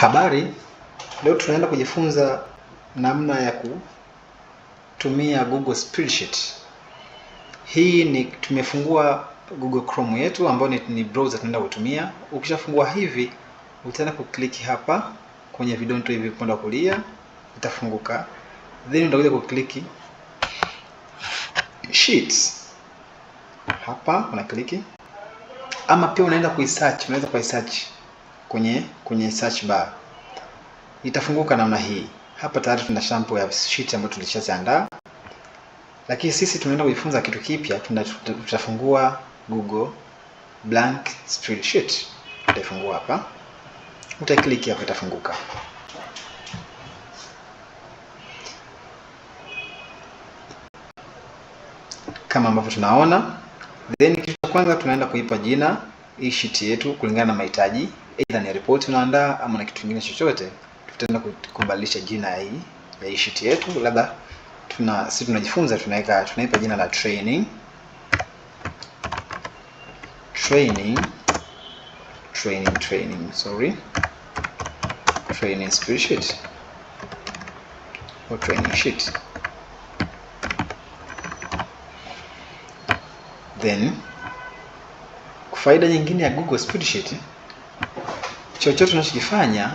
Habari, leo tunaenda kujifunza namna ya kutumia Google Spreadsheet. Hii ni tumefungua Google Chrome yetu ambayo ni, ni browser tunaenda kutumia. Ukishafungua hivi, utaenda kukliki hapa kwenye vidonto hivi upande wa kulia, itafunguka then utakuja kukliki sheets. Hapa una kliki ama pia unaenda kuisearch, unaweza kuisearch kwenye kwenye search bar itafunguka namna hii. Hapa tayari tuna shampoo ya sheet ambayo tulishaziandaa, lakini sisi tunaenda kujifunza kitu kipya. Tutafungua Google blank spreadsheet, utafungua hapa, utakliki hapa, itafunguka. kama ambavyo tunaona, then kitu cha kwanza tunaenda kuipa jina hii sheet yetu kulingana na mahitaji either ni report unaandaa ama na kitu kingine chochote, tutaenda kubadilisha jina ya hii ya hii sheet yetu, labda tuna si tunajifunza, tunaweka tunaipa jina la training training training training, sorry, training spreadsheet or training sheet, then faida nyingine ya Google Spreadsheet chochote tunachokifanya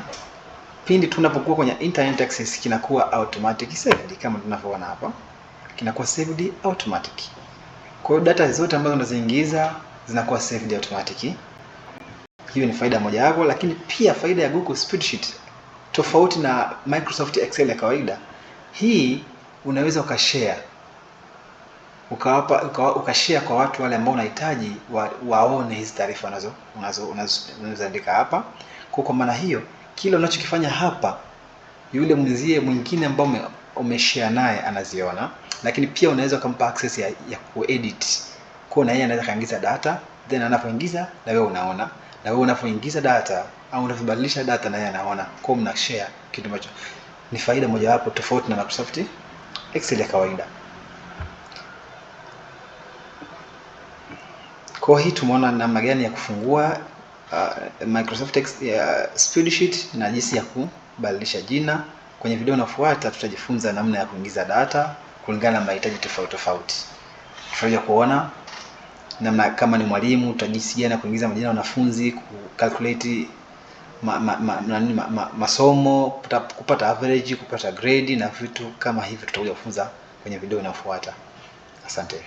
pindi tunapokuwa kwenye internet access kinakuwa automatic saved, kama tunavyoona hapa kinakuwa saved automatic. Kwa hiyo data zote ambazo unaziingiza zinakuwa saved automatic. Hiyo ni faida moja yako, lakini pia faida ya Google Spreadsheet tofauti na Microsoft Excel ya kawaida, hii unaweza ukashare ukawapa ukashare kwa watu wale ambao unahitaji wa, waone hizi taarifa unazo unazoandika hapa. Kwa kwa maana hiyo, kile unachokifanya hapa yule mwenzie mwingine ambao umeshare naye anaziona, lakini pia unaweza ukampa access ya, ya kuedit kwa, na yeye anaweza kaingiza data, then anapoingiza na wewe unaona, na wewe unapoingiza data au unavyobadilisha data na yeye anaona, kwa mna share kitu macho ni faida moja mojawapo tofauti na Microsoft Excel ya kawaida. Kwa hii tumeona namna gani ya kufungua Uh, Microsoft Excel, uh, spreadsheet na jinsi ya kubadilisha jina. Kwenye video inayofuata tutajifunza namna ya kuingiza data kulingana na mahitaji tofauti tofauti. Tutakuja kuona namna kama ni mwalimu tutajisi gani kuingiza majina ya wanafunzi, kucalculate ma, ma, ma, ma, ma, ma, masomo, kupata average, kupata grade na vitu kama hivyo tutakuja kufunza kwenye video inayofuata. Asante.